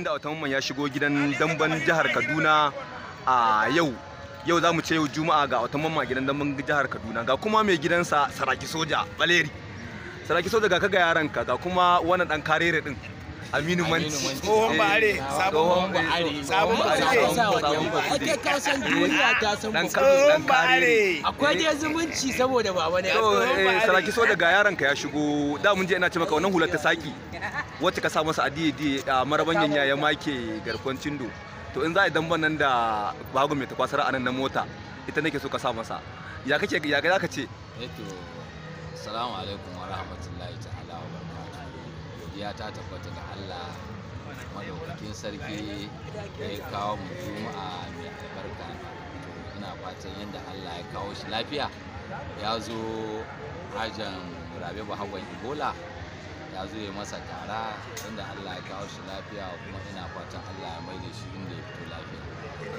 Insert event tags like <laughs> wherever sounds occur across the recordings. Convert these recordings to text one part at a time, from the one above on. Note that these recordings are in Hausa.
inda mamman ya shigo gidan damban jihar Kaduna a yau yau za mu ce yau juma'a ga mamma gidan damban jihar Kaduna ga kuma mai gidansa Saraki Soja valeri Saraki Soja ga kaga yaranka ga kuma wannan dan karere din aminu manci tsohon bare eh, sabon bare sabon bare ake ka san duniya ta san mu tsohon bare akwai dai zumunci saboda ne tsohon bare saraki so daga yaron ka ya shigo da mun je ina ce maka wannan hular ta saki wacce ka sa masa adiye a marabanyan ya make garkon cindo to in za a damban nan da bago mai takwasar anan na mota ita nake so ka sa masa ya kake ya ga zaka ce eh to assalamu alaikum wa rahmatullahi ya ta tabbata ga Allah madaukakin sarki da ya kawo mu juma'a mai albarka ina fatan yadda Allah ya kawo shi lafiya ya zo hajjan rabe hawan ebola ya zo ya masa tara inda Allah ya kawo shi lafiya kuma ina fatan Allah ya maida shi inda ya fito lafiya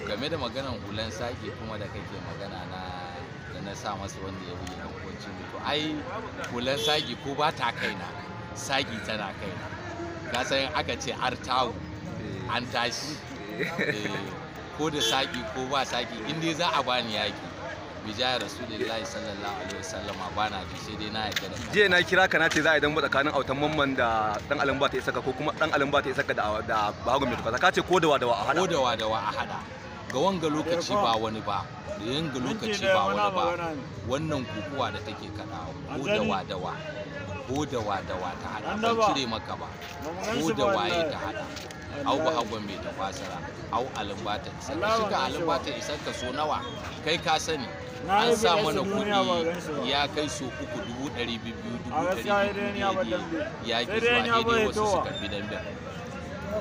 game da maganan hulan sake kuma da kake magana na da na sa masa wanda ya wuce hukuncin mutu ai hulan sake ko ba ta kaina saƙi tana kai ka san aka ce artawu an tashi eh, ko da saƙi ko ba saƙi in dai za a bani yaƙi bijaya rasulullahi sallallahu alaihi wasallam ba na ji sai dai na yarda da jiya na kira ka na ce za a idan tsakanin autan mamman da dan ba ta isaka ko kuma dan ba ta isaka da da bago mai tukasa ka ce ko da wadawa a hada ko da wadawa a hada ga wanga lokaci ba wani ba da yanga lokaci ba wani ba wannan kukuwa da take kada ko da wa ko da wa da wa ta hada ban cire maka ba ko da waye ta hada au ba hagon mai tafasara au alimbatan sannan shi ka alimbatan isar ka so nawa kai ka sani an sa mana kuɗi ya kai so uku dubu ɗari biyu dubu ɗari biyu ya ki zuwa daidai wasu su karbi dambe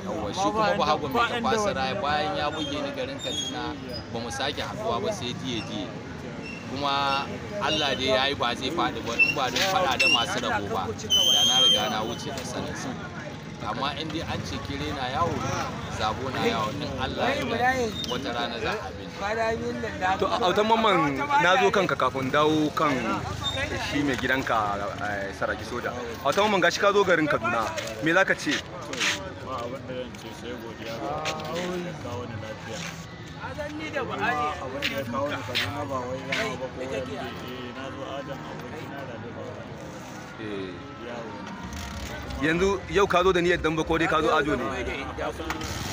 yawwa shi kuma ba hagon ta tafasara bayan ya buge ni garin katsina ba mu sake haɗuwa ba sai diye diye kuma Allah dai ya yi ba zai faɗi ba in ba don faɗa da masu rabo ba da na riga na wuce da sanarsu amma in dai an ce kire na yawo zabo na yawo din Allah ya wata rana za a bi to a autan mamman na zo kanka kafin dawo kan shi mai gidanka eh, saraki soja a autan mamman gashi ka zo garin Kaduna me ka ce ba abin da zan ce sai godiya ga kawo ni lafiya abin da ya kawo ni ba wai zama ba ko wani eh, na zo adam abokin na da ba eh. yanzu yau ka zo da niyyar damba ko dai ka zo ajo ne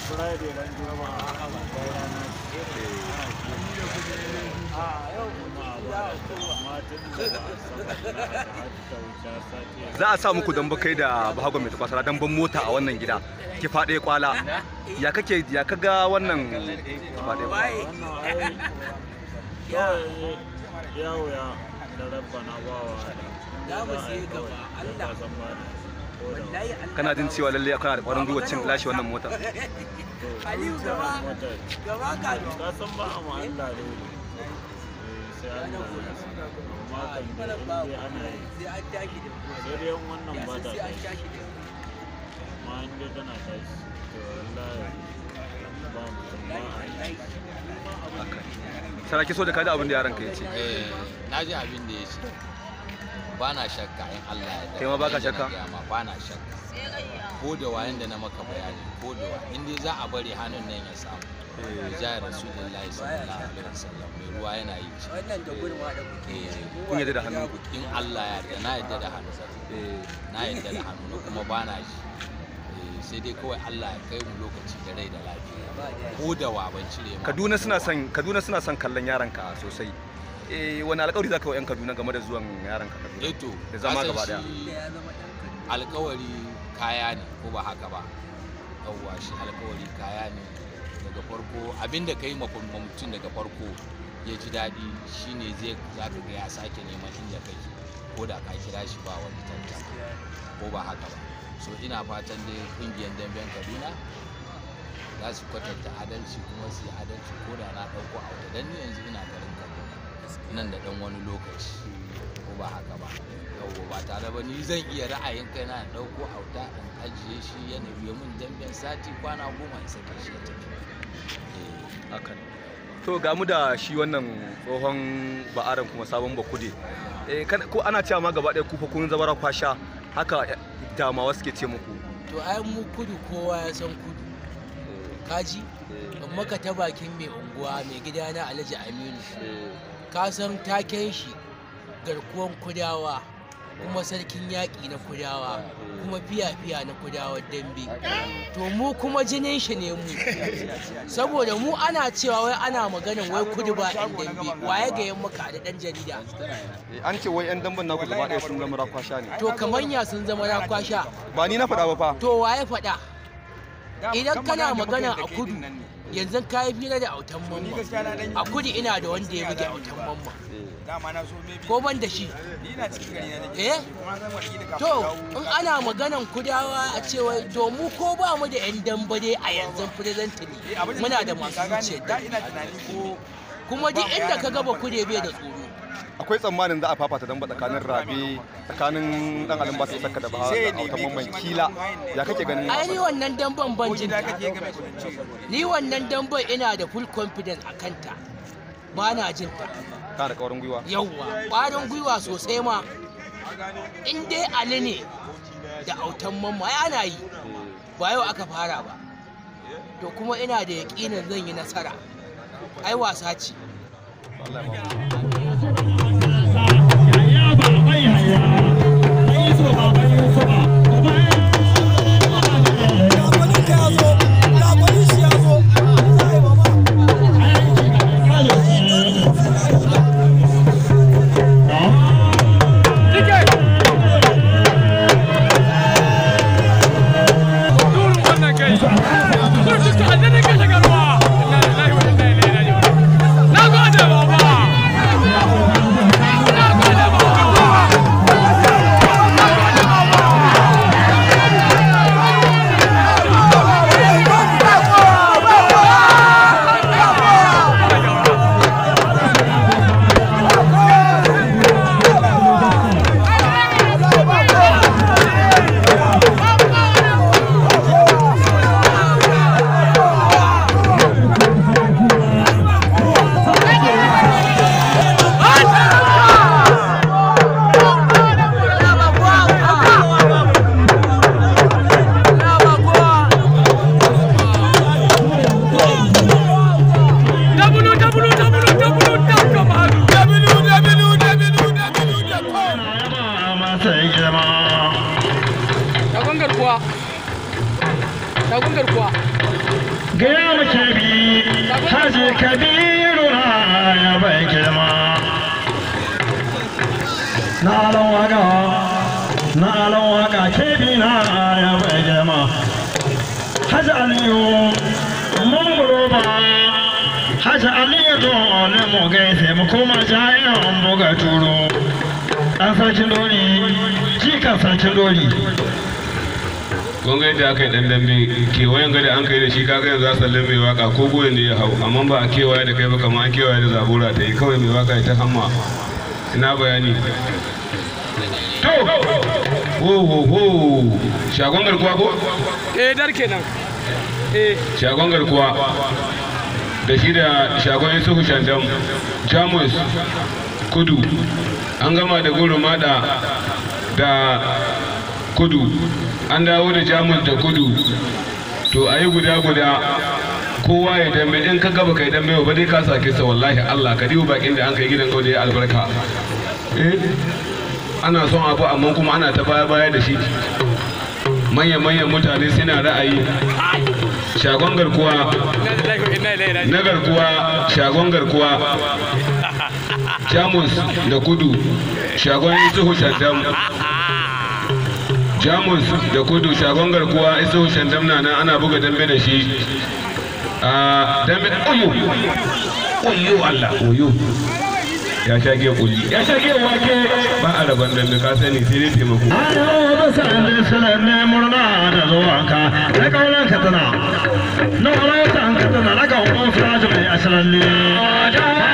Friday ran a ba za a sa muku damba kai da bahagwa mai tafasara damban mota a wannan gida ki faɗe kwala ya kake ya kaga wannan faɗe yawo ya da rabba na bawa da ba sai gaba Allah kana jin cewa lalle kana da kwarin gwiwa cin lashe wannan motar <laughs> Aliyu gaba gaba ka san ba amma Allah ne sai an amma kan wannan ba ta amma to ba mu ba so da kada abin da yaron ka ya ce. Eh, na ji abin da yace ba na shakka in Allah ya da kai ma ba ka shakka ba na shakka ko da wayan da na maka bayani ko da wa inda dai za a bari hannun nan ya samu jayar rasulullahi sallallahu alaihi wasallam mai ruwa yana yi shi wannan da gurma da kuke eh, kun yadda da hannu in Allah ya yarda na yadda eh. da hannu na yadda da hannu kuma bana shi eh, sai dai kawai Allah ya kai mu lokaci da rai da lafiya ko da wa ban cire Kaduna suna son Kaduna suna son kallon yaranka sosai eh wani alƙawari zaka wa yan Kaduna game da zuwan yaranka Kaduna eh to da zama gaba daya alƙawari kaya ne ko ba haka ba yawwa shi alƙawari kaya ne daga farko abin da ka yi mutum daga farko ya ji daɗi shine zai za ka ga ya sake neman inda kai ko da ka kira shi ba wani tantama ko ba haka ba so ina fatan dai ƙungiyar damben kaduna za su kwatanta adalci kuma su yi adalci ko da na ɗauko a wata danni yanzu ina garin kaduna nan da ɗan wani lokaci ko ba haka ba yau ba tare ba ni zan iya ra'ayin kai na ɗauko wata in ajiye shi ya biya min damben sati kwana goma in sake shi ya tafi Eh, to ga mu da shi wannan tsohon ba'aran kuma sabon bakude eh, ko ana cewa ma gaba ɗaya kufa kun zabara kwasha haka damawa suke ce muku to ai mu kudu kowa ya san kudu eh. kaji amma ka ta bakin mai unguwa mai gida na alhaji aminu ka san taken shi garkuwan kudawa kuma sarkin yaƙi na kudawa kuma fiya-fiya na kudawa dambe to mu kuma jinin shi ne mu saboda mu ana cewa wai ana magana wai kudu ba ɗan dambe waye ga yan maka da ɗan jarida eh, an ce wai yan damben naku gaba ɗaya sun zama rakwasha ne to kamar ya sun zama rakwasha ba ni na faɗa ba fa to waye faɗa idan kana magana a kudu yanzu ka yi fira da autan mamma a kudi ina da wanda ya buge autan mamma eh, ko ban da shi eh to in ana maganan kudawa a cewa to mu ko ba mu da yan dambare a yanzu presently eh, muna da masu da ina tunani ko kuma duk inda ka gaba kure bai da tsoro akwai tsammanin za a fafata dan tsakanin rabe tsakanin dan alin basu saka da ba ta mamman kila ya kake ganin ai ni wannan damban ban jin ni wannan damban ina da full confidence a kanta ba na jin ta ka da ƙwarin gwiwa yawwa kwarin gwiwa sosai ma in dai ali ne da autan mamma ya na yi ba yau aka fara ba to kuma ina da yaƙinin zan yi nasara ai wasa ce Allah jama'a dagon garkuwa gaya bi haji kabiru na ya bai girma na alon waka na alon waka na ya bai girma haji aliyu mun ba hasa aliyu don ne mu gaise mu koma jayen buga turo an sarki doni barka sarkin dori kun da aka yi dandambe kewayen gada an kai da shi kaga yanzu a tsallon mai waka ko goyon ne ya hau amma ba a kewaye da kai ba kamar an kewaye da zabura ta yi kawai mai waka ta hamma ina bayani to ho ho ho shagon garkuwa ko eh dar kenan eh shagon garkuwa da shi da shagon yusufu shandam jamus kudu an gama da gurumada da kudu an dawo da jamus da kudu to a yi guda guda kowa ya dambe in ka gaba kai dambe ba dai ka sake sa wallahi Allah ka diba bakin da an kai gidan da ya albarka eh ana son abu amma kuma ana ta baya baya da shi manyan manyan mutane suna ra'ayi shagon garkuwa na garkuwa shagon garkuwa jamus da kudu shagon isuhu shandam jamus da kudu shagon garkuwa isuhu shandam na nan ana buga dambe da shi a dambe oyo oyo allah oyo ya shage kulli ya shage wake ba a rabon dambe ka sani sai dai taimako ne murna da zuwanka na na na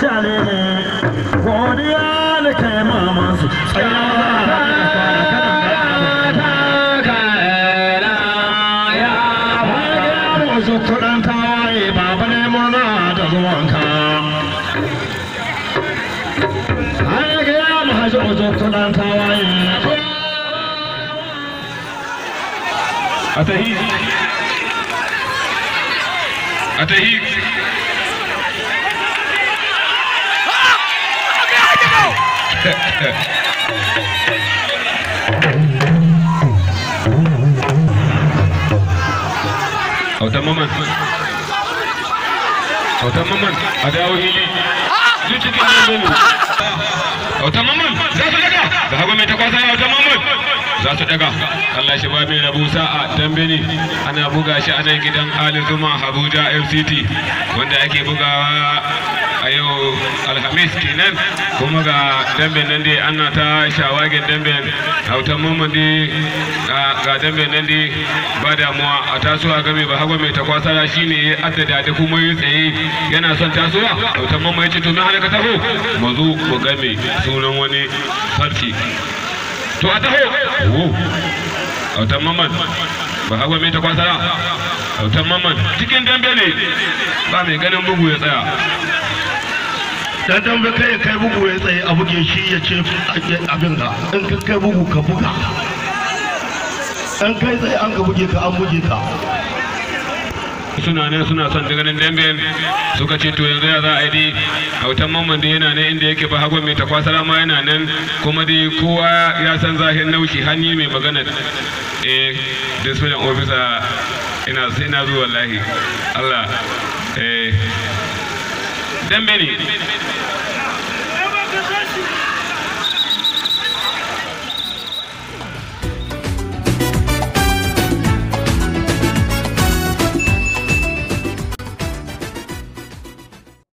shale ne godiya da Autan maman. Autan maman a dawo hili. Duk cikin yin Autan maman za su daga. Da me mai takwasa ya autan maman. Za su daga. Allah shi ba mai rabu sa'a dambeni ana buga shi a gidan Ali Zuma Abuja FCT wanda ake bugawa Ayo alhamis kenan kuma ga dambe nan dai ana ta shawagin dambe hautan mamadi ga dambe nan dai ba damuwa a tasowa game ba hagu mai takwasara shine ya addada da kuma yi tsaye yana son tasowa hautan mamadi ce to me hana ka taho mu zo mu game sunan wani sarki to a taho hauta mamadi ba hagu mai takwasara hauta mamadi cikin dambe ne ba mai ganin bugu ya tsaya dan dan bai kai kai bugu ya tsaye a buge shi ya ce abin ga in ka kai bugu ka buga in kai tsaye an ka buge ka an buge ka suna ne suna son ta ganin dambe suka ce to yanzu ya za a yi hautan mamman da yana nan inda yake ba hagon mai takwasara ma yana nan kuma dai kowa ya san zahin naushi hanyi mai magana eh discipline ofisa ina zuwa wallahi Allah eh dembele